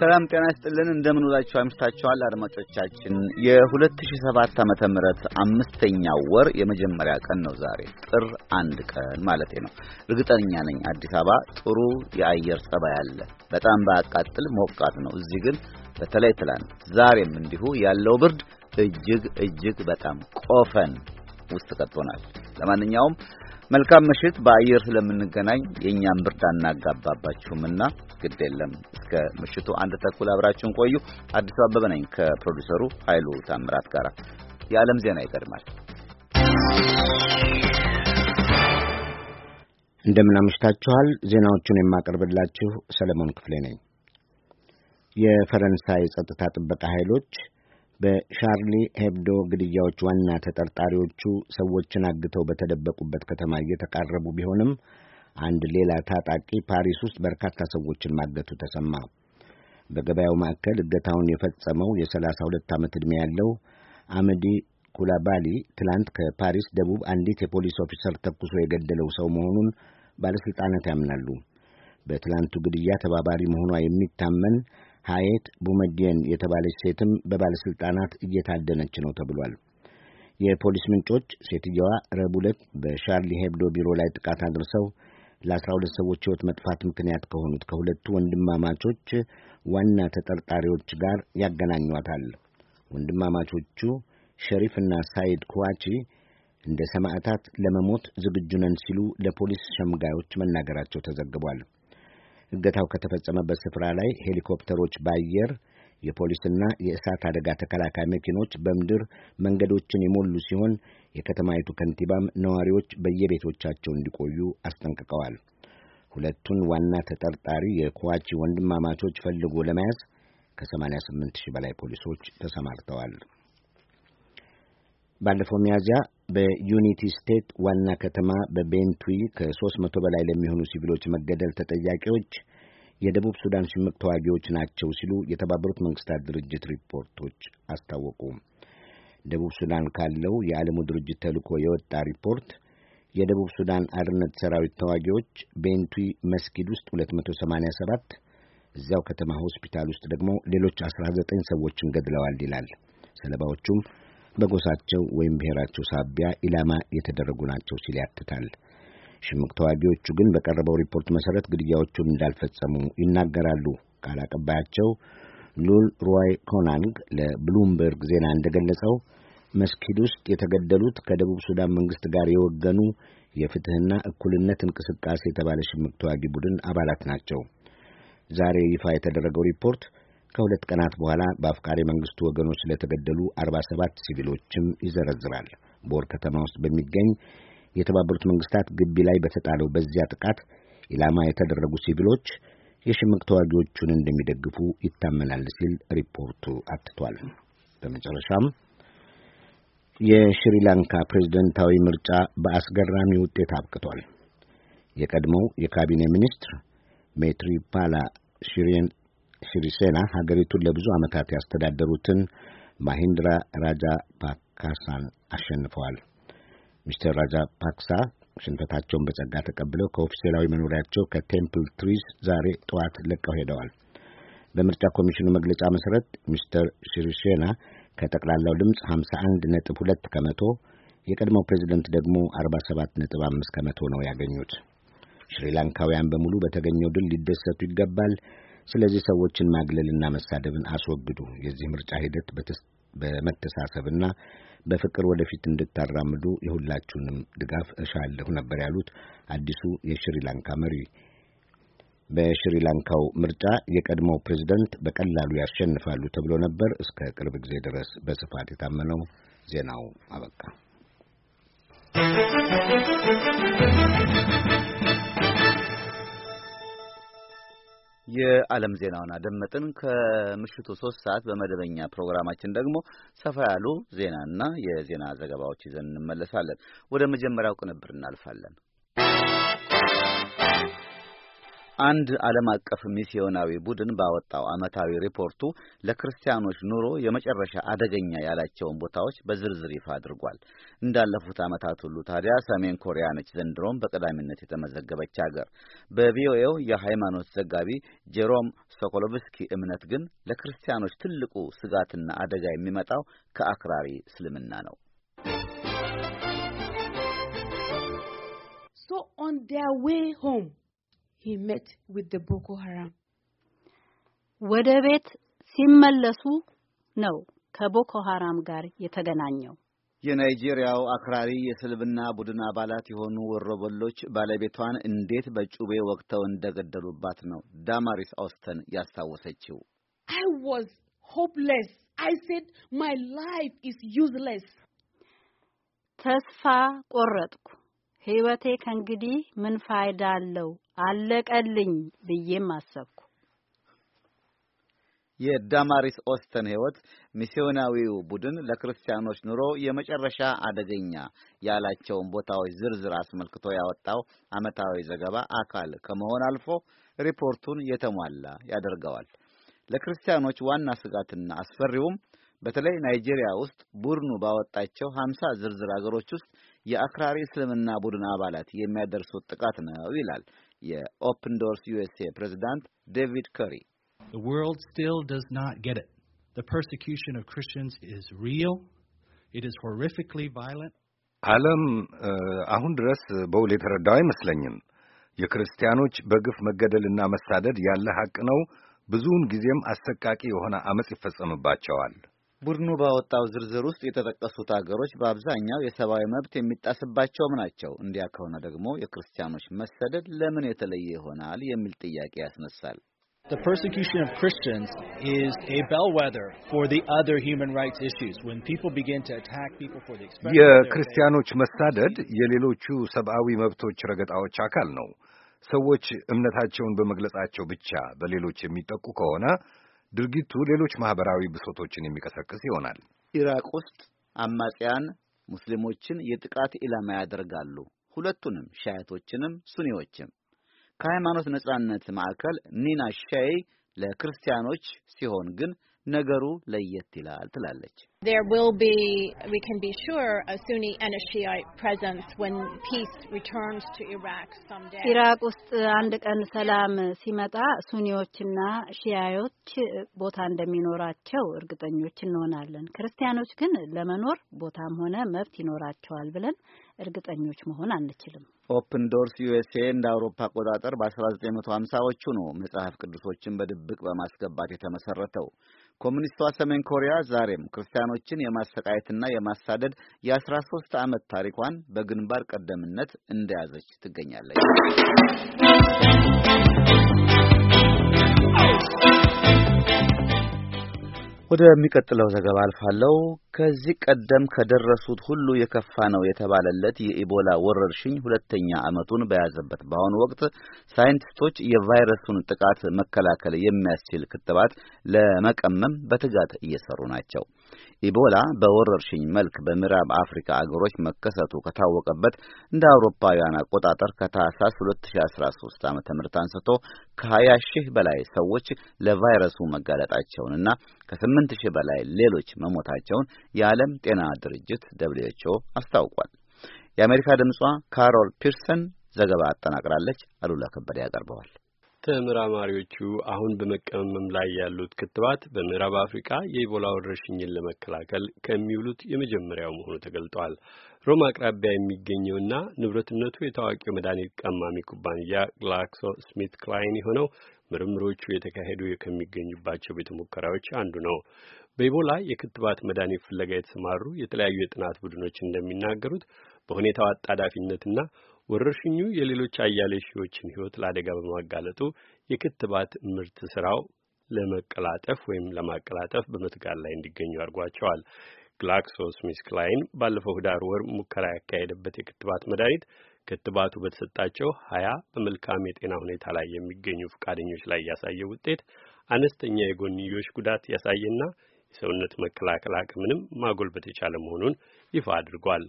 ሰላም ጤና ይስጥልን። እንደምንውላችሁ አምሽታችኋል አድማጮቻችን። የ2007 ዓም ምህረት አምስተኛው ወር የመጀመሪያ ቀን ነው ዛሬ ጥር አንድ ቀን ማለት ነው። እርግጠኛ ነኝ አዲስ አበባ ጥሩ የአየር ጸባይ አለ። በጣም ባያቃጥል ሞቃት ነው። እዚህ ግን በተለይ ትላንት ዛሬም እንዲሁ ያለው ብርድ እጅግ እጅግ በጣም ቆፈን ውስጥ ከቶናል። ለማንኛውም መልካም ምሽት። በአየር ስለምንገናኝ የእኛም ብርታ እናጋባባችሁምና ግድ የለም። እስከ ምሽቱ አንድ ተኩል አብራችሁን ቆዩ። አዲሱ አበበ ነኝ ከፕሮዲሰሩ ኃይሉ ታምራት ጋር የዓለም ዜና ይቀድማል። እንደምን አምሽታችኋል። ዜናዎቹን የማቀርብላችሁ ሰለሞን ክፍሌ ነኝ። የፈረንሳይ ጸጥታ ጥበቃ ኃይሎች በሻርሊ ሄብዶ ግድያዎች ዋና ተጠርጣሪዎቹ ሰዎችን አግተው በተደበቁበት ከተማ እየተቃረቡ ቢሆንም አንድ ሌላ ታጣቂ ፓሪስ ውስጥ በርካታ ሰዎችን ማገቱ ተሰማ። በገበያው ማዕከል እገታውን የፈጸመው የሰላሳ ሁለት ዓመት ዕድሜ ያለው አመዲ ኩላባሊ ትላንት ከፓሪስ ደቡብ አንዲት የፖሊስ ኦፊሰር ተኩሶ የገደለው ሰው መሆኑን ባለሥልጣናት ያምናሉ። በትላንቱ ግድያ ተባባሪ መሆኗ የሚታመን ሀየት ቡመዲየን የተባለች ሴትም በባለሥልጣናት እየታደነች ነው ተብሏል። የፖሊስ ምንጮች ሴትየዋ ረቡዕ ዕለት በሻርሊ ሄብዶ ቢሮ ላይ ጥቃት አድርሰው ለአስራ ሁለት ሰዎች ሕይወት መጥፋት ምክንያት ከሆኑት ከሁለቱ ወንድማማቾች ዋና ተጠርጣሪዎች ጋር ያገናኟታል። ወንድማማቾቹ ሸሪፍና ሳይድ ኩዋቺ እንደ ሰማዕታት ለመሞት ዝግጁ ነን ሲሉ ለፖሊስ ሸምጋዮች መናገራቸው ተዘግቧል። እገታው ከተፈጸመበት ስፍራ ላይ ሄሊኮፕተሮች በአየር የፖሊስና የእሳት አደጋ ተከላካይ መኪኖች በምድር መንገዶችን የሞሉ ሲሆን የከተማይቱ ከንቲባም ነዋሪዎች በየቤቶቻቸው እንዲቆዩ አስጠንቅቀዋል። ሁለቱን ዋና ተጠርጣሪ የኩዋቺ ወንድማማቾች ፈልጎ ለመያዝ ከ88 ሺህ በላይ ፖሊሶች ተሰማርተዋል። ባለፈው ሚያዝያ በዩኒቲ ስቴት ዋና ከተማ በቤንቱዊ ከሦስት መቶ በላይ ለሚሆኑ ሲቪሎች መገደል ተጠያቂዎች የደቡብ ሱዳን ሽምቅ ተዋጊዎች ናቸው ሲሉ የተባበሩት መንግስታት ድርጅት ሪፖርቶች አስታወቁ። ደቡብ ሱዳን ካለው የዓለሙ ድርጅት ተልእኮ የወጣ ሪፖርት የደቡብ ሱዳን አርነት ሰራዊት ተዋጊዎች ቤንቱዊ መስጊድ ውስጥ 287 እዚያው ከተማ ሆስፒታል ውስጥ ደግሞ ሌሎች 19 ሰዎችን ገድለዋል ይላል። ሰለባዎቹም በጎሳቸው ወይም ብሔራቸው ሳቢያ ኢላማ የተደረጉ ናቸው ሲል ያትታል። ሽምቅ ተዋጊዎቹ ግን በቀረበው ሪፖርት መሰረት ግድያዎቹን እንዳልፈጸሙ ይናገራሉ። ቃል አቀባያቸው ሉል ሩዋይ ኮናንግ ለብሉምበርግ ዜና እንደገለጸው መስኪድ ውስጥ የተገደሉት ከደቡብ ሱዳን መንግስት ጋር የወገኑ የፍትህና እኩልነት እንቅስቃሴ የተባለ ሽምቅ ተዋጊ ቡድን አባላት ናቸው። ዛሬ ይፋ የተደረገው ሪፖርት ከሁለት ቀናት በኋላ በአፍቃሪ መንግስቱ ወገኖች ለተገደሉ አርባ ሰባት ሲቪሎችም ይዘረዝራል። ቦር ከተማ ውስጥ በሚገኝ የተባበሩት መንግስታት ግቢ ላይ በተጣለው በዚያ ጥቃት ኢላማ የተደረጉ ሲቪሎች የሽምቅ ተዋጊዎቹን እንደሚደግፉ ይታመናል ሲል ሪፖርቱ አትቷል። በመጨረሻም የሽሪላንካ ፕሬዝደንታዊ ምርጫ በአስገራሚ ውጤት አብቅቷል። የቀድሞው የካቢኔ ሚኒስትር ሜትሪፓላ ሲሪሴና ሀገሪቱን ለብዙ ዓመታት ያስተዳደሩትን ማሂንድራ ራጃ ፓካሳን አሸንፈዋል። ሚስተር ራጃ ፓክሳ ሽንፈታቸውን በጸጋ ተቀብለው ከኦፊሴላዊ መኖሪያቸው ከቴምፕል ትሪስ ዛሬ ጠዋት ለቀው ሄደዋል። በምርጫ ኮሚሽኑ መግለጫ መሠረት ሚስተር ሺሪሴና ከጠቅላላው ድምፅ 51 ነጥብ 2 ከመቶ የቀድሞው ፕሬዚደንት ደግሞ 47 ነጥብ 5 ከመቶ ነው ያገኙት። ሽሪላንካውያን በሙሉ በተገኘው ድል ሊደሰቱ ይገባል። ስለዚህ ሰዎችን ማግለልና መሳደብን አስወግዱ። የዚህ ምርጫ ሂደት በመተሳሰብና በፍቅር ወደፊት እንድታራምዱ የሁላችሁንም ድጋፍ እሻለሁ ነበር ያሉት አዲሱ የሽሪላንካ መሪ። በሽሪላንካው ምርጫ የቀድሞው ፕሬዝደንት በቀላሉ ያሸንፋሉ ተብሎ ነበር እስከ ቅርብ ጊዜ ድረስ በስፋት የታመነው። ዜናው አበቃ። የዓለም ዜናውን አደመጥን። ከምሽቱ ሶስት ሰዓት በመደበኛ ፕሮግራማችን ደግሞ ሰፋ ያሉ ዜናና የዜና ዘገባዎች ይዘን እንመለሳለን። ወደ መጀመሪያው ቅንብር እናልፋለን። አንድ ዓለም አቀፍ ሚስዮናዊ ቡድን ባወጣው ዓመታዊ ሪፖርቱ ለክርስቲያኖች ኑሮ የመጨረሻ አደገኛ ያላቸውን ቦታዎች በዝርዝር ይፋ አድርጓል። እንዳለፉት ዓመታት ሁሉ ታዲያ ሰሜን ኮሪያ ነች ዘንድሮም በቀዳሚነት የተመዘገበች ሀገር። በቪኦኤው የሃይማኖት ዘጋቢ ጄሮም ሶኮሎቭስኪ እምነት ግን ለክርስቲያኖች ትልቁ ስጋትና አደጋ የሚመጣው ከአክራሪ እስልምና ነው። ሶ ኦን ዴር way ሆም he met with the Boko Haram. ወደ ቤት ሲመለሱ ነው ከቦኮ ሐራም ጋር የተገናኘው። የናይጄሪያው አክራሪ የስልብና ቡድን አባላት የሆኑ ወሮበሎች ባለቤቷን እንዴት በጩቤ ወቅተው እንደገደሉባት ነው ዳማሪስ ኦስተን ያስታወሰችው። I was hopeless. I said my life is useless. ተስፋ ቆረጥኩ። ሕይወቴ ከእንግዲህ ምን ፋይዳ አለው አለቀልኝ ብዬም አሰብኩ። የዳማሪስ ኦስተን ሕይወት ሚስዮናዊው ቡድን ለክርስቲያኖች ኑሮ የመጨረሻ አደገኛ ያላቸውን ቦታዎች ዝርዝር አስመልክቶ ያወጣው ዓመታዊ ዘገባ አካል ከመሆን አልፎ ሪፖርቱን የተሟላ ያደርገዋል። ለክርስቲያኖች ዋና ስጋትና አስፈሪውም በተለይ ናይጄሪያ ውስጥ ቡድኑ ባወጣቸው ሀምሳ ዝርዝር አገሮች ውስጥ የአክራሪ እስልምና ቡድን አባላት የሚያደርሱት ጥቃት ነው ይላል የኦፕን ዶርስ ዩኤስኤ ፕሬዚዳንት ዴቪድ ከሪ The world still does not get it. The persecution of Christians is real. It is horrifically violent. ዓለም አሁን ድረስ በውል የተረዳው አይመስለኝም። የክርስቲያኖች በግፍ መገደልና መሳደድ ያለ ሐቅ ነው። ብዙውን ጊዜም አሰቃቂ የሆነ አመጽ ይፈጸምባቸዋል። ቡድኑ ባወጣው ዝርዝር ውስጥ የተጠቀሱት አገሮች በአብዛኛው የሰብአዊ መብት የሚጣስባቸውም ናቸው። እንዲያ ከሆነ ደግሞ የክርስቲያኖች መሰደድ ለምን የተለየ ይሆናል የሚል ጥያቄ ያስነሳል። የክርስቲያኖች መሳደድ የሌሎቹ ሰብአዊ መብቶች ረገጣዎች አካል ነው። ሰዎች እምነታቸውን በመግለጻቸው ብቻ በሌሎች የሚጠቁ ከሆነ ድርጊቱ ሌሎች ማህበራዊ ብሶቶችን የሚቀሰቅስ ይሆናል። ኢራቅ ውስጥ አማጽያን ሙስሊሞችን የጥቃት ኢላማ ያደርጋሉ። ሁለቱንም ሻያቶችንም ሱኒዎችም። ከሃይማኖት ነጻነት ማዕከል ኒና ሻይ ለክርስቲያኖች ሲሆን ግን ነገሩ ለየት ይላል ትላለች። There will be, we can be sure, a Sunni and a Shiite presence when peace returns to Iraq someday. ኢራቅ ውስጥ አንድ ቀን ሰላም ሲመጣ ሱኒዎችና ሺያዮች ቦታ እንደሚኖራቸው እርግጠኞች እንሆናለን። ክርስቲያኖች ግን ለመኖር ቦታም ሆነ መብት ይኖራቸዋል ብለን እርግጠኞች መሆን አንችልም። ኦፕን ዶርስ ዩኤስኤ እንደ አውሮፓ አቆጣጠር በ1950ዎቹ ነው መጽሐፍ ቅዱሶችን በድብቅ በማስገባት የተመሰረተው። ኮሚኒስቷ ሰሜን ኮሪያ ዛሬም ክርስቲያ ክርስቲያኖችን የማሰቃየትና የማሳደድ የአስራ ሶስት ዓመት ታሪኳን በግንባር ቀደምነት እንደያዘች ትገኛለች። ወደሚቀጥለው ዘገባ አልፋለሁ። ከዚህ ቀደም ከደረሱት ሁሉ የከፋ ነው የተባለለት የኢቦላ ወረርሽኝ ሁለተኛ ዓመቱን በያዘበት በአሁኑ ወቅት ሳይንቲስቶች የቫይረሱን ጥቃት መከላከል የሚያስችል ክትባት ለመቀመም በትጋት እየሰሩ ናቸው። ኢቦላ በወረርሽኝ መልክ በምዕራብ አፍሪካ አገሮች መከሰቱ ከታወቀበት እንደ አውሮፓውያን አቆጣጠር ከታህሳስ 2013 ዓ.ም አንስቶ ከ20 ሺህ በላይ ሰዎች ለቫይረሱ መጋለጣቸውንና ከ8 ሺህ በላይ ሌሎች መሞታቸውን የዓለም ጤና ድርጅት ደብልዩ አስታውቋል። የአሜሪካ ድምጿ ካሮል ፒርሰን ዘገባ አጠናቅራለች። አሉላ ከበደ ያቀርበዋል። ተመራማሪዎቹ አሁን በመቀመም ላይ ያሉት ክትባት በምዕራብ አፍሪካ የኢቦላ ወረርሽኝን ለመከላከል ከሚውሉት የመጀመሪያው መሆኑ ተገልጧል። ሮም አቅራቢያ የሚገኘውና ንብረትነቱ የታዋቂው መድኃኒት ቀማሚ ኩባንያ ግላክሶ ስሚት ክላይን የሆነው ምርምሮቹ የተካሄዱ ከሚገኙባቸው ቤተ ሙከራዎች አንዱ ነው። በኢቦላ የክትባት መድኃኒት ፍለጋ የተሰማሩ የተለያዩ የጥናት ቡድኖች እንደሚናገሩት በሁኔታው አጣዳፊነትና ወረርሽኙ የሌሎች አያሌ ሺዎችን ሕይወት ለአደጋ በማጋለጡ የክትባት ምርት ስራው ለመቀላጠፍ ወይም ለማቀላጠፍ በመትጋት ላይ እንዲገኙ አድርጓቸዋል። ግላክሶ ስሚስ ክላይን ባለፈው ህዳር ወር ሙከራ ያካሄደበት የክትባት መድኃኒት ክትባቱ በተሰጣቸው ሀያ በመልካም የጤና ሁኔታ ላይ የሚገኙ ፈቃደኞች ላይ ያሳየ ውጤት አነስተኛ የጎንዮሽ ጉዳት ያሳየና የሰውነት መከላከል አቅምንም ማጎልበት የቻለ መሆኑን ይፋ አድርጓል።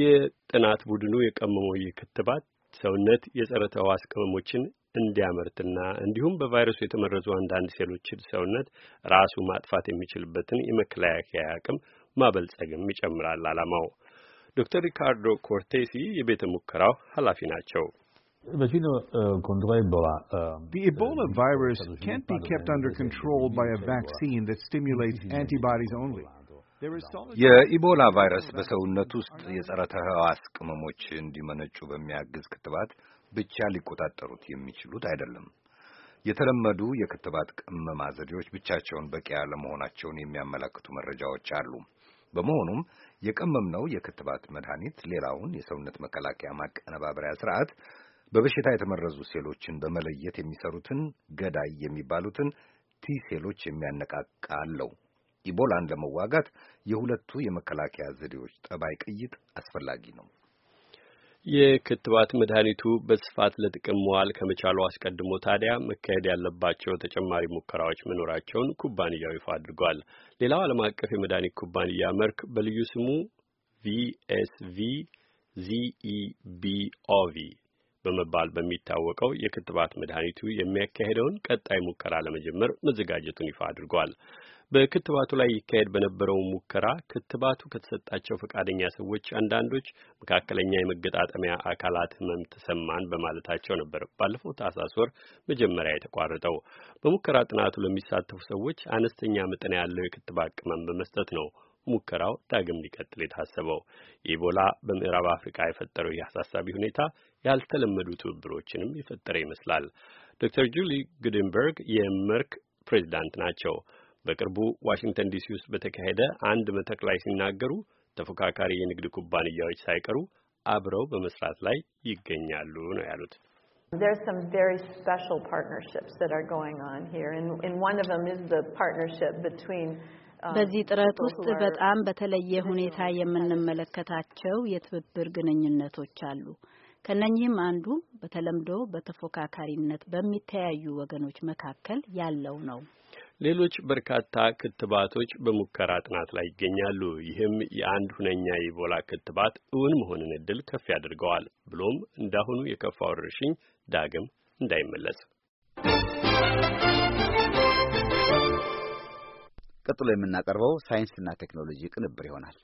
የጥናት ቡድኑ የቀመመው ይህ ክትባት ሰውነት የጸረ ተዋስ ቅመሞችን እንዲያመርትና እንዲሁም በቫይረሱ የተመረዙ አንዳንድ ሴሎችን ሰውነት ራሱ ማጥፋት የሚችልበትን የመከላከያ አቅም ማበልጸግም ይጨምራል ዓላማው። ዶክተር ሪካርዶ ኮርቴሲ የቤተ ሙከራው ኃላፊ ናቸው። The Ebola virus can't be kept under control by a vaccine that stimulates antibodies only. የኢቦላ ቫይረስ በሰውነት ውስጥ የጸረ ተህዋስ ቅመሞች እንዲመነጩ በሚያግዝ ክትባት ብቻ ሊቆጣጠሩት የሚችሉት አይደለም። የተለመዱ የክትባት ቅመማ ዘዴዎች ብቻቸውን በቂ ያለመሆናቸውን የሚያመላክቱ መረጃዎች አሉ። በመሆኑም የቀመምነው የክትባት መድኃኒት ሌላውን የሰውነት መከላከያ ማቀነባበሪያ ስርዓት በበሽታ የተመረዙ ሴሎችን በመለየት የሚሰሩትን ገዳይ የሚባሉትን ቲ ሴሎች የሚያነቃቃ አለው። ኢቦላን ለመዋጋት የሁለቱ የመከላከያ ዘዴዎች ጠባይ ቅይጥ አስፈላጊ ነው። የክትባት መድኃኒቱ በስፋት ለጥቅም መዋል ከመቻሉ አስቀድሞ ታዲያ መካሄድ ያለባቸው ተጨማሪ ሙከራዎች መኖራቸውን ኩባንያው ይፋ አድርጓል። ሌላው ዓለም አቀፍ የመድኃኒት ኩባንያ መርክ በልዩ ስሙ ቪኤስቪ ዚኢቢኦቪ በመባል በሚታወቀው የክትባት መድኃኒቱ የሚያካሄደውን ቀጣይ ሙከራ ለመጀመር መዘጋጀቱን ይፋ አድርጓል። በክትባቱ ላይ ይካሄድ በነበረው ሙከራ ክትባቱ ከተሰጣቸው ፈቃደኛ ሰዎች አንዳንዶች መካከለኛ የመገጣጠሚያ አካላት ሕመም ተሰማን በማለታቸው ነበር ባለፈው ታህሳስ ወር መጀመሪያ የተቋረጠው። በሙከራ ጥናቱ ለሚሳተፉ ሰዎች አነስተኛ መጠን ያለው የክትባት ቅመም በመስጠት ነው ሙከራው ዳግም ሊቀጥል የታሰበው። ኢቦላ በምዕራብ አፍሪካ የፈጠረው ይህ አሳሳቢ ሁኔታ ያልተለመዱ ትብብሮችንም የፈጠረ ይመስላል። ዶክተር ጁሊ ግድንበርግ የመርክ ፕሬዚዳንት ናቸው። በቅርቡ ዋሽንግተን ዲሲ ውስጥ በተካሄደ አንድ መድረክ ላይ ሲናገሩ ተፎካካሪ የንግድ ኩባንያዎች ሳይቀሩ አብረው በመስራት ላይ ይገኛሉ ነው ያሉት። There's some very special partnerships that are going on here and in one of them is the partnership between um, በዚህ ጥረት ውስጥ በጣም በተለየ ሁኔታ የምንመለከታቸው የትብብር ግንኙነቶች አሉ። ከነኚህም አንዱ በተለምዶ በተፎካካሪነት በሚተያዩ ወገኖች መካከል ያለው ነው። ሌሎች በርካታ ክትባቶች በሙከራ ጥናት ላይ ይገኛሉ። ይህም የአንድ ሁነኛ የኢቦላ ክትባት እውን መሆንን እድል ከፍ ያደርገዋል ብሎም እንዳሁኑ የከፋ ወረርሽኝ ዳግም እንዳይመለስ። ቀጥሎ የምናቀርበው ሳይንስና ቴክኖሎጂ ቅንብር ይሆናል።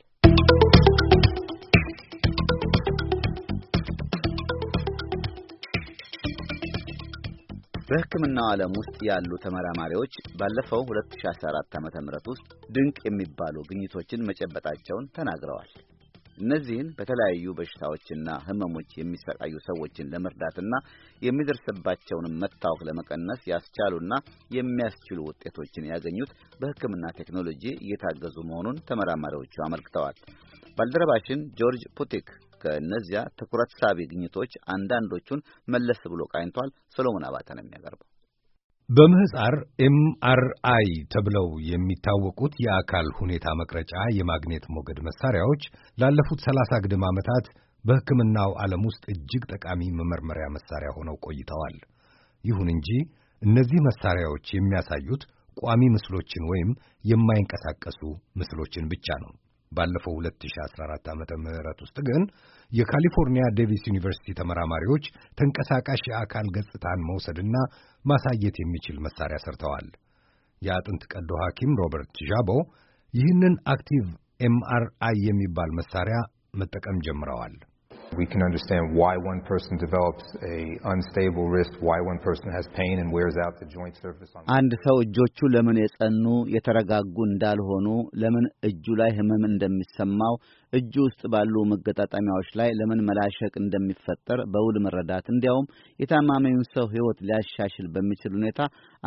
በሕክምናው ዓለም ውስጥ ያሉ ተመራማሪዎች ባለፈው 2014 ዓ.ም ውስጥ ድንቅ የሚባሉ ግኝቶችን መጨበጣቸውን ተናግረዋል። እነዚህን በተለያዩ በሽታዎችና ህመሞች የሚሰቃዩ ሰዎችን ለመርዳትና የሚደርስባቸውንም መታወክ ለመቀነስ ያስቻሉና የሚያስችሉ ውጤቶችን ያገኙት በሕክምና ቴክኖሎጂ እየታገዙ መሆኑን ተመራማሪዎቹ አመልክተዋል። ባልደረባችን ጆርጅ ፑቲክ ከእነዚያ ትኩረት ሳቢ ግኝቶች አንዳንዶቹን መለስ ብሎ ቃኝቷል። ሰሎሞን አባተ ነው የሚያቀርበው። በምህፃር ኤምአርአይ ተብለው የሚታወቁት የአካል ሁኔታ መቅረጫ የማግኔት ሞገድ መሳሪያዎች ላለፉት ሰላሳ ግድም ዓመታት በሕክምናው ዓለም ውስጥ እጅግ ጠቃሚ መመርመሪያ መሳሪያ ሆነው ቆይተዋል። ይሁን እንጂ እነዚህ መሳሪያዎች የሚያሳዩት ቋሚ ምስሎችን ወይም የማይንቀሳቀሱ ምስሎችን ብቻ ነው። ባለፈው 2014 ዓ.ም ምህረት ውስጥ ግን የካሊፎርኒያ ዴቪስ ዩኒቨርሲቲ ተመራማሪዎች ተንቀሳቃሽ የአካል ገጽታን መውሰድና ማሳየት የሚችል መሳሪያ ሰርተዋል። የአጥንት ቀዶ ሐኪም ሮበርት ዣቦ ይህንን አክቲቭ ኤምአርአይ የሚባል መሳሪያ መጠቀም ጀምረዋል። We can understand why one person develops a unstable wrist, why one person has pain and wears out the joint surface. አንድ ሰው እጆቹ ለምን የጸኑ የተረጋጉ እንዳልሆኑ፣ ለምን እጁ ላይ ህመም እንደሚሰማው፣ እጁ ውስጥ ባሉ መገጣጠሚያዎች ላይ ለምን መላሸቅ እንደሚፈጠር በውል መረዳት እንዲያውም የታማሚውን ሰው ህይወት ሊያሻሽል በሚችል ሁኔታ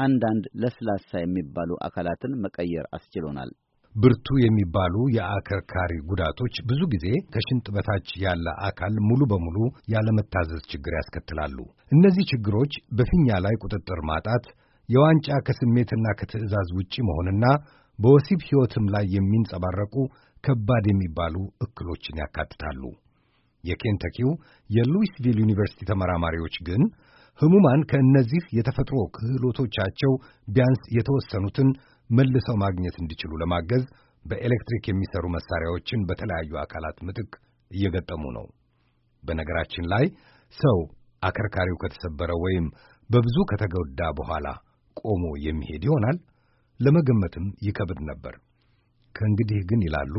አንዳንድ ለስላሳ የሚባሉ አካላትን መቀየር አስችሎናል። ብርቱ የሚባሉ የአከርካሪ ጉዳቶች ብዙ ጊዜ ከሽንጥ በታች ያለ አካል ሙሉ በሙሉ ያለመታዘዝ ችግር ያስከትላሉ። እነዚህ ችግሮች በፊኛ ላይ ቁጥጥር ማጣት፣ የዋንጫ ከስሜትና ከትዕዛዝ ውጪ መሆንና በወሲብ ሕይወትም ላይ የሚንጸባረቁ ከባድ የሚባሉ እክሎችን ያካትታሉ። የኬንተኪው የሉዊስቪል ዩኒቨርሲቲ ተመራማሪዎች ግን ህሙማን ከእነዚህ የተፈጥሮ ክህሎቶቻቸው ቢያንስ የተወሰኑትን መልሰው ማግኘት እንዲችሉ ለማገዝ በኤሌክትሪክ የሚሰሩ መሳሪያዎችን በተለያዩ አካላት ምትክ እየገጠሙ ነው። በነገራችን ላይ ሰው አከርካሪው ከተሰበረ ወይም በብዙ ከተጎዳ በኋላ ቆሞ የሚሄድ ይሆናል ለመገመትም ይከብድ ነበር። ከእንግዲህ ግን ይላሉ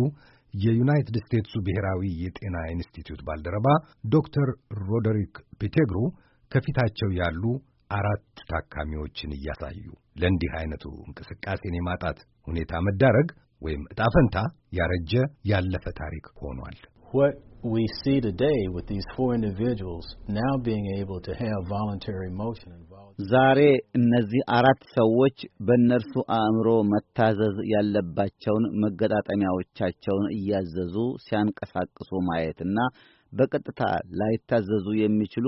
የዩናይትድ ስቴትሱ ብሔራዊ የጤና ኢንስቲትዩት ባልደረባ ዶክተር ሮደሪክ ፒቴግሩ ከፊታቸው ያሉ አራት ታካሚዎችን እያሳዩ ለእንዲህ አይነቱ እንቅስቃሴን የማጣት ሁኔታ መዳረግ ወይም እጣ ፈንታ ያረጀ ያለፈ ታሪክ ሆኗል። ዛሬ እነዚህ አራት ሰዎች በእነርሱ አእምሮ መታዘዝ ያለባቸውን መገጣጠሚያዎቻቸውን እያዘዙ ሲያንቀሳቅሱ ማየትና በቀጥታ ላይታዘዙ የሚችሉ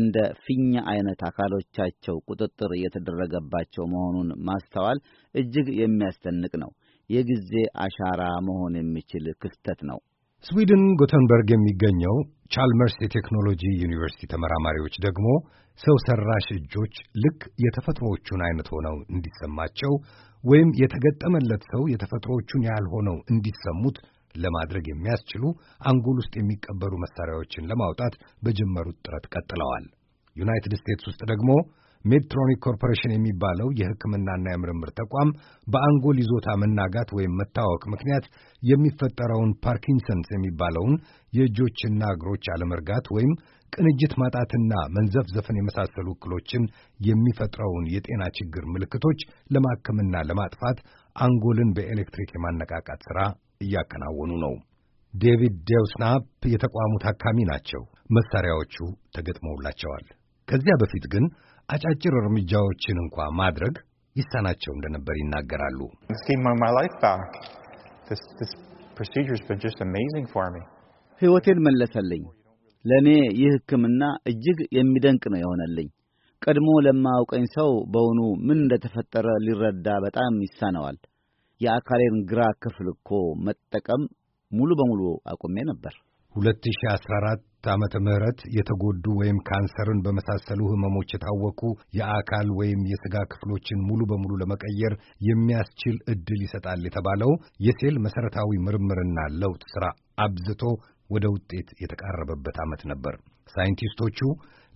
እንደ ፊኛ አይነት አካሎቻቸው ቁጥጥር የተደረገባቸው መሆኑን ማስተዋል እጅግ የሚያስደንቅ ነው። የጊዜ አሻራ መሆን የሚችል ክስተት ነው። ስዊድን ጎተንበርግ የሚገኘው ቻልመርስ የቴክኖሎጂ ዩኒቨርሲቲ ተመራማሪዎች ደግሞ ሰው ሠራሽ እጆች ልክ የተፈጥሮዎቹን አይነት ሆነው እንዲሰማቸው ወይም የተገጠመለት ሰው የተፈጥሮዎቹን ያህል ሆነው እንዲሰሙት ለማድረግ የሚያስችሉ አንጎል ውስጥ የሚቀበሩ መሳሪያዎችን ለማውጣት በጀመሩት ጥረት ቀጥለዋል። ዩናይትድ ስቴትስ ውስጥ ደግሞ ሜድትሮኒክ ኮርፖሬሽን የሚባለው የሕክምናና የምርምር ተቋም በአንጎል ይዞታ መናጋት ወይም መታወክ ምክንያት የሚፈጠረውን ፓርኪንሰንስ የሚባለውን የእጆችና እግሮች አለመርጋት ወይም ቅንጅት ማጣትና መንዘፍዘፍን የመሳሰሉ እክሎችን የሚፈጥረውን የጤና ችግር ምልክቶች ለማከምና ለማጥፋት አንጎልን በኤሌክትሪክ የማነቃቃት ሥራ እያከናወኑ ነው። ዴቪድ ዴውስናፕ የተቋሙ ታካሚ ናቸው። መሳሪያዎቹ ተገጥመውላቸዋል። ከዚያ በፊት ግን አጫጭር እርምጃዎችን እንኳ ማድረግ ይሳናቸው እንደነበር ይናገራሉ። ሕይወቴን መለሰልኝ። ለእኔ ይህ ሕክምና እጅግ የሚደንቅ ነው የሆነልኝ። ቀድሞ ለማያውቀኝ ሰው በውኑ ምን እንደተፈጠረ ሊረዳ በጣም ይሳነዋል። የአካሌን ግራ ክፍል እኮ መጠቀም ሙሉ በሙሉ አቁሜ ነበር። 2014 ዓመተ ምህረት የተጎዱ ወይም ካንሰርን በመሳሰሉ ህመሞች የታወቁ የአካል ወይም የሥጋ ክፍሎችን ሙሉ በሙሉ ለመቀየር የሚያስችል ዕድል ይሰጣል የተባለው የሴል መሠረታዊ ምርምርና ለውጥ ሥራ አብዝቶ ወደ ውጤት የተቃረበበት ዓመት ነበር። ሳይንቲስቶቹ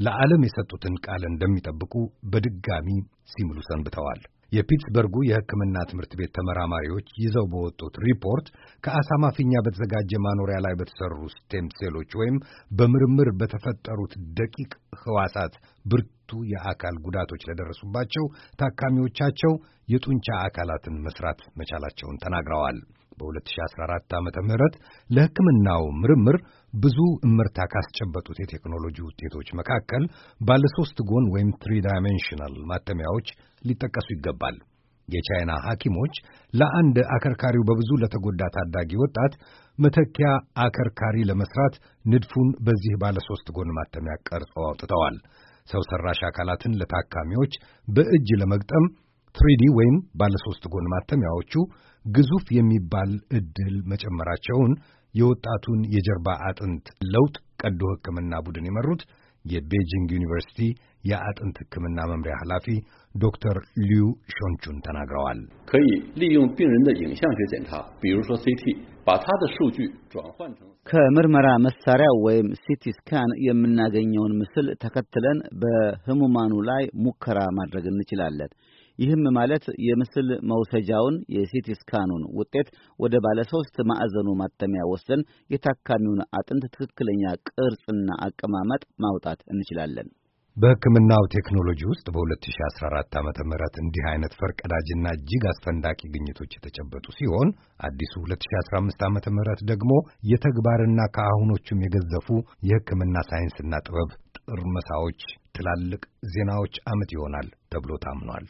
ለዓለም የሰጡትን ቃል እንደሚጠብቁ በድጋሚ ሲምሉ ሰንብተዋል። የፒትስበርጉ የሕክምና ትምህርት ቤት ተመራማሪዎች ይዘው በወጡት ሪፖርት ከአሳማ ፊኛ በተዘጋጀ ማኖሪያ ላይ በተሰሩ ስቴም ሴሎች ወይም በምርምር በተፈጠሩት ደቂቅ ህዋሳት ብርቅ ሁለቱ የአካል ጉዳቶች ለደረሱባቸው ታካሚዎቻቸው የጡንቻ አካላትን መስራት መቻላቸውን ተናግረዋል። በ2014 ዓ ም ለሕክምናው ምርምር ብዙ እምርታ ካስጨበጡት የቴክኖሎጂ ውጤቶች መካከል ባለሦስት ጎን ወይም ትሪ ዳይሜንሽናል ማተሚያዎች ሊጠቀሱ ይገባል። የቻይና ሐኪሞች ለአንድ አከርካሪው በብዙ ለተጎዳ ታዳጊ ወጣት መተኪያ አከርካሪ ለመስራት ንድፉን በዚህ ባለ ሦስት ጎን ማተሚያ ቀርጸው አውጥተዋል። ሰው ሰራሽ አካላትን ለታካሚዎች በእጅ ለመግጠም ትሪዲ ወይም ባለሶስት ጎን ማተሚያዎቹ ግዙፍ የሚባል እድል መጨመራቸውን የወጣቱን የጀርባ አጥንት ለውጥ ቀዶ ሕክምና ቡድን የመሩት የቤጂንግ ዩኒቨርሲቲ የአጥንት ሕክምና መምሪያ ኃላፊ ዶክተር ሊዩ ሾንቹን ተናግረዋል። 把它的数据转换成 ከምርመራ መሳሪያው ወይም ሲቲ ስካን የምናገኘውን ምስል ተከትለን በህሙማኑ ላይ ሙከራ ማድረግ እንችላለን። ይህም ማለት የምስል መውሰጃውን የሲቲ ስካኑን ውጤት ወደ ባለ ሶስት ማዕዘኑ ማተሚያ ወስደን የታካሚውን አጥንት ትክክለኛ ቅርጽና አቀማመጥ ማውጣት እንችላለን። በሕክምናው ቴክኖሎጂ ውስጥ በ2014 ዓ ም እንዲህ አይነት ፈርቀዳጅና እጅግ አስፈንዳቂ ግኝቶች የተጨበጡ ሲሆን አዲሱ 2015 ዓ ም ደግሞ የተግባርና ከአሁኖቹም የገዘፉ የሕክምና ሳይንስና ጥበብ ጥርመሳዎች፣ ትላልቅ ዜናዎች ዓመት ይሆናል ተብሎ ታምኗል።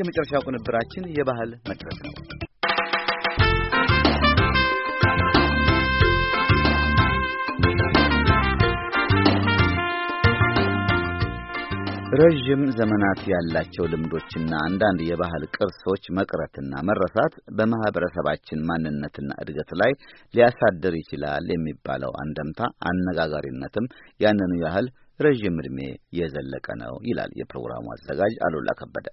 የመጨረሻው ቅንብራችን የባህል መድረክ ነው። ረዥም ዘመናት ያላቸው ልምዶችና አንዳንድ የባህል ቅርሶች መቅረትና መረሳት በማህበረሰባችን ማንነትና እድገት ላይ ሊያሳድር ይችላል የሚባለው አንደምታ አነጋጋሪነትም ያንኑ ያህል ረዥም ዕድሜ የዘለቀ ነው ይላል የፕሮግራሙ አዘጋጅ አሉላ ከበደ።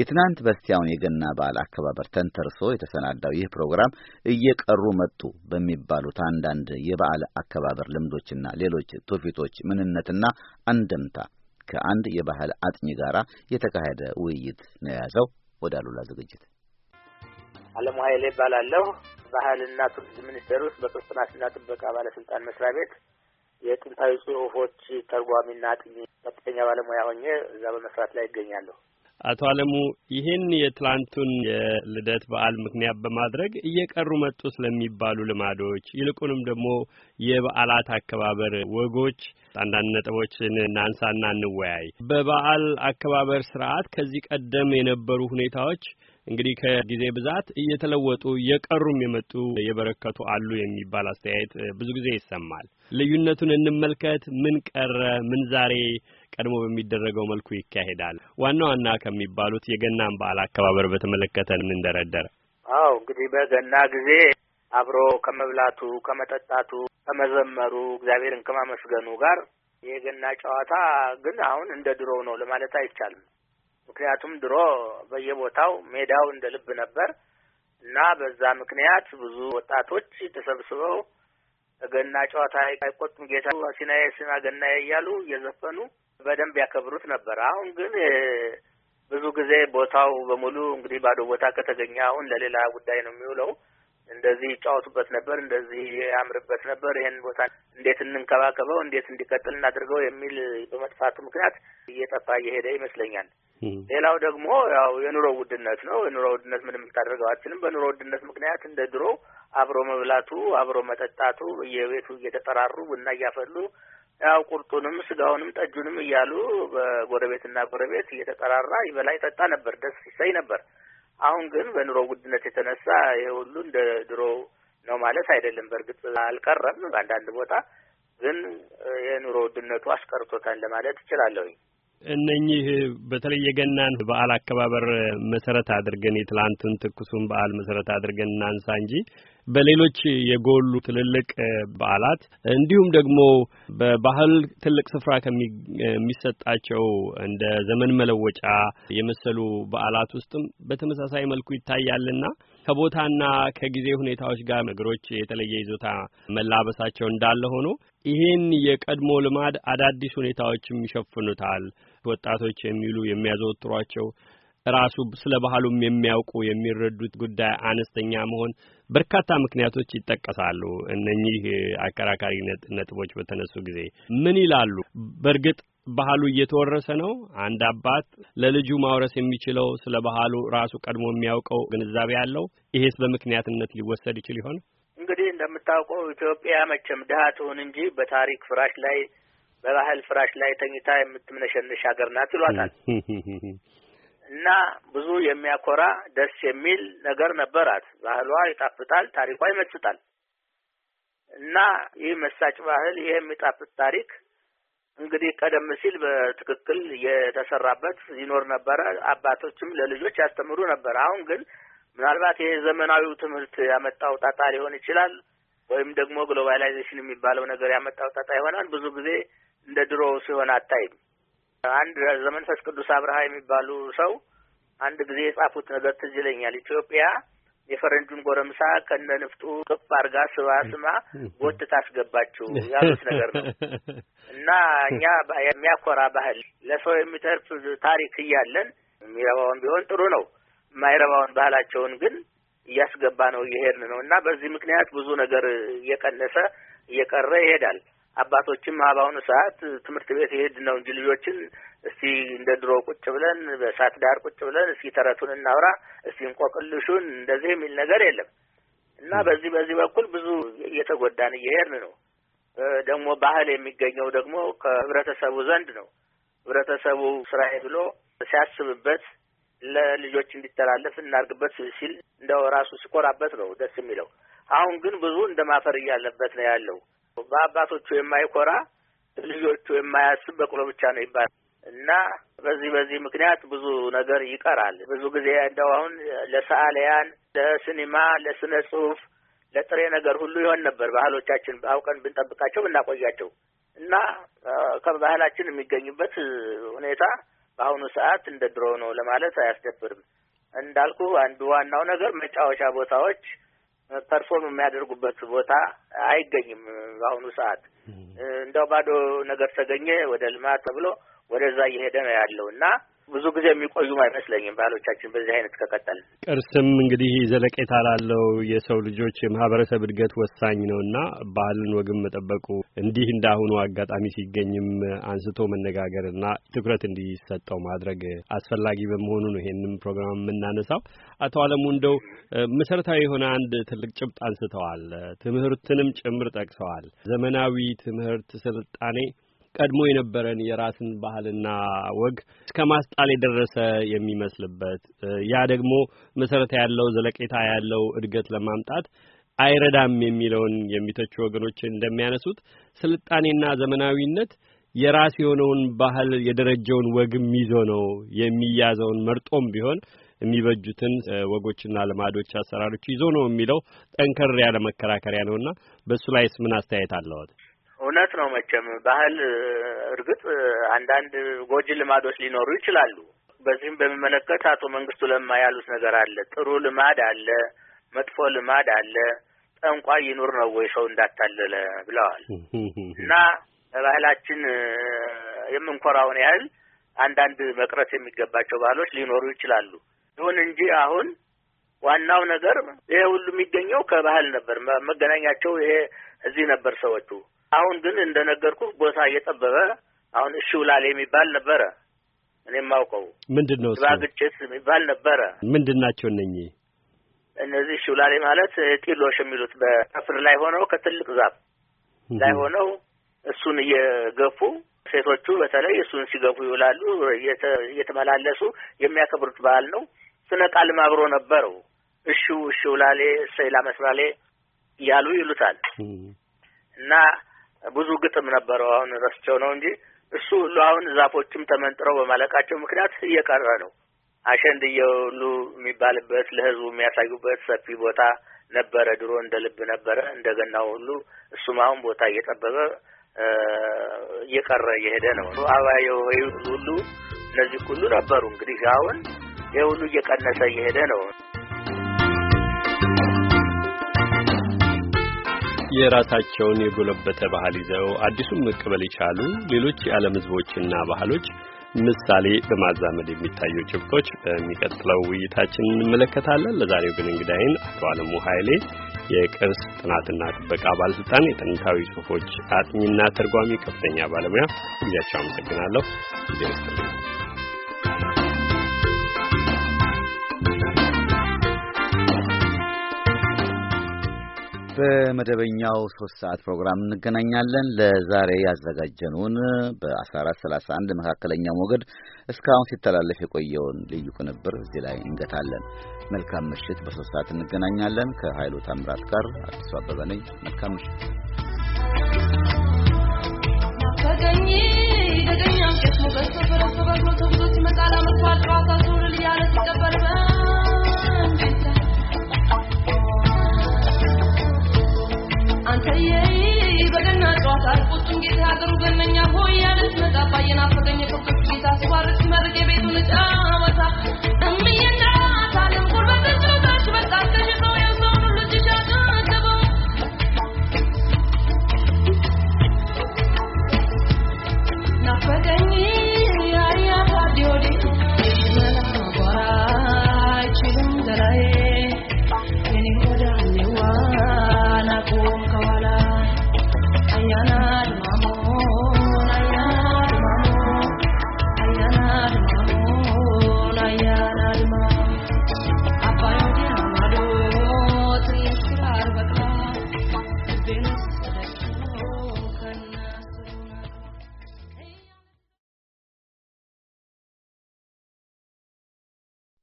የትናንት በስቲያውን የገና በዓል አከባበር ተንተርሶ የተሰናዳው ይህ ፕሮግራም እየቀሩ መጡ በሚባሉት አንዳንድ የበዓል አከባበር ልምዶችና ሌሎች ትውፊቶች ምንነትና አንደምታ ከአንድ የባህል አጥኚ ጋር የተካሄደ ውይይት ነው የያዘው። ወደ አሉላ ዝግጅት አለሙ ኃይሌ ይባላለሁ። ባህልና ቱሪዝም ሚኒስቴር ውስጥ በቅርስ ጥናትና ጥበቃ ባለስልጣን መስሪያ ቤት የጥንታዊ ጽሁፎች ተርጓሚና አጥኚ ከፍተኛ ባለሙያ ሆኜ እዛ በመስራት ላይ ይገኛለሁ። አቶ አለሙ ይህን የትላንቱን የልደት በዓል ምክንያት በማድረግ እየቀሩ መጡ ስለሚባሉ ልማዶች ይልቁንም ደግሞ የበዓላት አከባበር ወጎች አንዳንድ ነጥቦችን እናንሳና እንወያይ። በበዓል አከባበር ስርዓት ከዚህ ቀደም የነበሩ ሁኔታዎች እንግዲህ ከጊዜ ብዛት እየተለወጡ የቀሩም የመጡ የበረከቱ አሉ የሚባል አስተያየት ብዙ ጊዜ ይሰማል። ልዩነቱን እንመልከት። ምን ቀረ? ምን ዛሬ ቀድሞ በሚደረገው መልኩ ይካሄዳል። ዋና ዋና ከሚባሉት የገናን በዓል አከባበር በተመለከተ እንደረደረ አዎ እንግዲህ በገና ጊዜ አብሮ ከመብላቱ፣ ከመጠጣቱ፣ ከመዘመሩ እግዚአብሔርን ከማመስገኑ ጋር የገና ጨዋታ ግን አሁን እንደ ድሮ ነው ለማለት አይቻልም። ምክንያቱም ድሮ በየቦታው ሜዳው እንደ ልብ ነበር እና በዛ ምክንያት ብዙ ወጣቶች ተሰብስበው ገና ጨዋታ አይቆጡም ጌታ ሲናዬ ሲና ገናዬ እያሉ እየዘፈኑ በደንብ ያከብሩት ነበር። አሁን ግን ብዙ ጊዜ ቦታው በሙሉ እንግዲህ ባዶ ቦታ ከተገኘ አሁን ለሌላ ጉዳይ ነው የሚውለው። እንደዚህ ይጫወቱበት ነበር፣ እንደዚህ ያምርበት ነበር። ይሄን ቦታ እንዴት እንንከባከበው፣ እንዴት እንዲቀጥል እናድርገው የሚል በመጥፋቱ ምክንያት እየጠፋ እየሄደ ይመስለኛል። ሌላው ደግሞ ያው የኑሮ ውድነት ነው። የኑሮ ውድነት ምንም ልታደርገው አትችልም። በኑሮ ውድነት ምክንያት እንደ ድሮ አብሮ መብላቱ፣ አብሮ መጠጣቱ፣ የቤቱ እየተጠራሩ ቡና እያፈሉ ያው ቁርጡንም ስጋውንም ጠጁንም እያሉ በጎረቤትና ጎረቤት እየተጠራራ ይበላ ይጠጣ ነበር፣ ደስ ይሰኝ ነበር። አሁን ግን በኑሮ ውድነት የተነሳ ይሄ ሁሉ እንደ ድሮ ነው ማለት አይደለም። በእርግጥ አልቀረም፣ በአንዳንድ ቦታ ግን የኑሮ ውድነቱ አስቀርቶታል ለማለት እችላለሁኝ። እነኚህ በተለይ የገናን በዓል አከባበር መሰረት አድርገን የትላንቱን ትኩሱን በዓል መሰረት አድርገን እናንሳ እንጂ በሌሎች የጎሉ ትልልቅ በዓላት እንዲሁም ደግሞ በባህል ትልቅ ስፍራ ከሚሰጣቸው እንደ ዘመን መለወጫ የመሰሉ በዓላት ውስጥም በተመሳሳይ መልኩ ይታያልና ከቦታና ከጊዜ ሁኔታዎች ጋር ነገሮች የተለየ ይዞታ መላበሳቸው እንዳለ ሆኖ ይህን የቀድሞ ልማድ አዳዲስ ሁኔታዎችም ይሸፍኑታል። ወጣቶች የሚሉ የሚያዘወትሯቸው ራሱ ስለ ባህሉም የሚያውቁ የሚረዱት ጉዳይ አነስተኛ መሆን በርካታ ምክንያቶች ይጠቀሳሉ። እነኚህ አከራካሪ ነጥቦች በተነሱ ጊዜ ምን ይላሉ? በእርግጥ ባህሉ እየተወረሰ ነው። አንድ አባት ለልጁ ማውረስ የሚችለው ስለ ባህሉ ራሱ ቀድሞ የሚያውቀው ግንዛቤ አለው። ይሄስ በምክንያትነት ሊወሰድ ይችል ይሆን? እንግዲህ እንደምታውቀው ኢትዮጵያ መቼም ድሀ ትሁን እንጂ በታሪክ ፍራሽ ላይ በባህል ፍራሽ ላይ ተኝታ የምትምነሸንሽ ሀገር ናት ይሏታል። እና ብዙ የሚያኮራ ደስ የሚል ነገር ነበራት። ባህሏ ይጣፍጣል፣ ታሪኳ ይመስጣል። እና ይህ መሳጭ ባህል ይህ የሚጣፍጥ ታሪክ እንግዲህ ቀደም ሲል በትክክል የተሰራበት ይኖር ነበረ። አባቶችም ለልጆች ያስተምሩ ነበር። አሁን ግን ምናልባት ይሄ ዘመናዊው ትምህርት ያመጣው ጣጣ ሊሆን ይችላል፣ ወይም ደግሞ ግሎባላይዜሽን የሚባለው ነገር ያመጣው ጣጣ ይሆናል። ብዙ ጊዜ እንደ ድሮው ሲሆን አታይም። አንድ ዘመንፈስ ቅዱስ አብርሃ የሚባሉ ሰው አንድ ጊዜ የጻፉት ነገር ትዝ ይለኛል። ኢትዮጵያ የፈረንጁን ጎረምሳ ከነ ንፍጡ ቅፍ አርጋ ስባ ስማ ጎትታ አስገባችው ያሉት ነገር ነው እና እኛ የሚያኮራ ባህል ለሰው የሚተርፍ ታሪክ እያለን የሚረባውን ቢሆን ጥሩ ነው። የማይረባውን ባህላቸውን ግን እያስገባ ነው እየሄድን ነው እና በዚህ ምክንያት ብዙ ነገር እየቀነሰ እየቀረ ይሄዳል። አባቶችም በአሁኑ ሰዓት ትምህርት ቤት ይሄድ ነው እንጂ ልጆችን እስቲ እንደ ድሮ ቁጭ ብለን በእሳት ዳር ቁጭ ብለን እስቲ ተረቱን እናውራ እስቲ እንቆቅልሹን እንደዚህ የሚል ነገር የለም እና በዚህ በዚህ በኩል ብዙ እየተጎዳን እየሄድን ነው። ደግሞ ባህል የሚገኘው ደግሞ ከህብረተሰቡ ዘንድ ነው። ህብረተሰቡ ስራዬ ብሎ ሲያስብበት ለልጆች እንዲተላለፍ እናርግበት ሲል እንደው ራሱ ሲኮራበት ነው ደስ የሚለው። አሁን ግን ብዙ ማፈር እያለበት ነው ያለው። በአባቶቹ የማይኮራ ልጆቹ የማያስብ በቅሎ ብቻ ነው ይባላል እና በዚህ በዚህ ምክንያት ብዙ ነገር ይቀራል። ብዙ ጊዜ እንደው አሁን ለሰዓሊያን፣ ለሲኒማ፣ ለስነ ጽሁፍ፣ ለጥሬ ነገር ሁሉ ይሆን ነበር። ባህሎቻችን አውቀን ብንጠብቃቸው ብናቆያቸው እና ከባህላችን የሚገኙበት ሁኔታ በአሁኑ ሰዓት እንደ ድሮ ነው ለማለት አያስደፍርም። እንዳልኩ አንዱ ዋናው ነገር መጫወቻ ቦታዎች ፐርፎርም የሚያደርጉበት ቦታ አይገኝም። በአሁኑ ሰዓት እንደው ባዶ ነገር ተገኘ ወደ ልማት ተብሎ ወደዛ እየሄደ ነው ያለው እና ብዙ ጊዜ የሚቆዩም አይመስለኝም ባህሎቻችን በዚህ አይነት ከቀጠል። ቅርስም እንግዲህ ዘለቄታ ላለው የሰው ልጆች የማህበረሰብ እድገት ወሳኝ ነው እና ባህልን ወግም መጠበቁ እንዲህ እንዳሁኑ አጋጣሚ ሲገኝም አንስቶ መነጋገር እና ትኩረት እንዲሰጠው ማድረግ አስፈላጊ በመሆኑ ነው ይሄንም ፕሮግራም የምናነሳው። አቶ አለሙ እንደው መሰረታዊ የሆነ አንድ ትልቅ ጭብጥ አንስተዋል። ትምህርትንም ጭምር ጠቅሰዋል። ዘመናዊ ትምህርት ስልጣኔ ቀድሞ የነበረን የራስን ባህልና ወግ እስከ ማስጣል የደረሰ የሚመስልበት ያ ደግሞ መሰረት ያለው ዘለቄታ ያለው እድገት ለማምጣት አይረዳም የሚለውን የሚተቹ ወገኖች እንደሚያነሱት ስልጣኔና ዘመናዊነት የራስ የሆነውን ባህል የደረጀውን ወግም ይዞ ነው የሚያዘውን መርጦም ቢሆን የሚበጁትን ወጎችና ልማዶች፣ አሰራሮች ይዞ ነው የሚለው ጠንከር ያለ መከራከሪያ ነውና በእሱ ላይስ ምን አስተያየት አለዎት? እውነት ነው። መቼም ባህል እርግጥ አንዳንድ ጎጂ ልማዶች ሊኖሩ ይችላሉ። በዚህም በሚመለከት አቶ መንግስቱ ለማ ያሉት ነገር አለ። ጥሩ ልማድ አለ፣ መጥፎ ልማድ አለ። ጠንቋ ይኑር ነው ወይ ሰው እንዳታለለ ብለዋል እና ባህላችን የምንኮራውን ያህል አንዳንድ መቅረት የሚገባቸው ባህሎች ሊኖሩ ይችላሉ። ይሁን እንጂ አሁን ዋናው ነገር ይሄ ሁሉ የሚገኘው ከባህል ነበር። መገናኛቸው ይሄ እዚህ ነበር ሰዎቹ አሁን ግን እንደነገርኩ ቦታ እየጠበበ አሁን እሺ ውላል የሚባል ነበረ። እኔ የማውቀው ምንድን ነው ግጭት የሚባል ነበረ። ምንድን ናቸው እነኚህ? እነዚህ እሺ ማለት ጢሎሽ የሚሉት በከፍር ላይ ሆነው ከትልቅ ዛፍ ላይ ሆነው እሱን እየገፉ ሴቶቹ በተለይ እሱን ሲገፉ ይውላሉ። እየተመላለሱ የሚያከብሩት በዓል ነው። ስነ ቃልም አብሮ ነበረው። እሹ እሹ ላሌ እሰይ ላመስላሌ እያሉ ይሉታል እና ብዙ ግጥም ነበረው። አሁን ረስቸው ነው እንጂ እሱ ሁሉ አሁን ዛፎችም ተመንጥረው በማለቃቸው ምክንያት እየቀረ ነው። አሸንድ ሁሉ የሚባልበት ለህዝቡ የሚያሳዩበት ሰፊ ቦታ ነበረ። ድሮ እንደ ልብ ነበረ እንደገናው ሁሉ እሱም አሁን ቦታ እየጠበበ እየቀረ እየሄደ ነው። አባየ ሁሉ እነዚህ ሁሉ ነበሩ። እንግዲህ አሁን ይህ ሁሉ እየቀነሰ እየሄደ ነው። የራሳቸውን የጎለበተ ባህል ይዘው አዲሱን መቀበል የቻሉ ሌሎች የዓለም ሕዝቦችና ባህሎች ምሳሌ በማዛመድ የሚታዩ ጭብጦች በሚቀጥለው ውይይታችን እንመለከታለን። ለዛሬው ግን እንግዳይን አቶ አለሙ ኃይሌ የቅርስ ጥናትና ጥበቃ ባለስልጣን የጥንታዊ ጽሁፎች አጥኚና ተርጓሚ ከፍተኛ ባለሙያ ጊዜያቸው አመሰግናለሁ። ጊዜ በመደበኛው ሶስት ሰዓት ፕሮግራም እንገናኛለን። ለዛሬ ያዘጋጀነውን በ1431 መካከለኛ ሞገድ እስካሁን ሲተላለፍ የቆየውን ልዩ ቅንብር እዚህ ላይ እንገታለን። መልካም ምሽት። በሶስት ሰዓት እንገናኛለን። ከኃይሉ ታምራት ጋር አዲሱ አበበ ነኝ። መልካም ምሽት። አባዬ ናፈቀኝ የኮክስ ጌታ ሲዋርድ ሲመርቅ ጫወታ እምዬ እናት አለም ጉርበት ጭበታች በጣት ተሽጦ